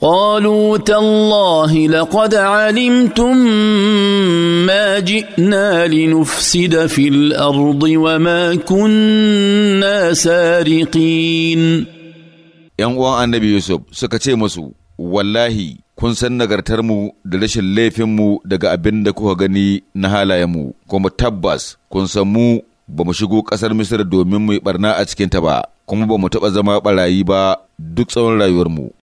قالوا تالله لقد علمتم ما جئنا لنفسد في الارض وما كنا سارقين yan uwan annabi yusuf suka ce masu wallahi kun san nagartarmu da rashin laifinmu daga abin da kuka gani na halayenmu kuma tabbas kun san mu ba mu shigo ƙasar misir domin mu yi barna a cikinta ba kuma ba mu taɓa zama ɓarayi ba duk tsawon rayuwarmu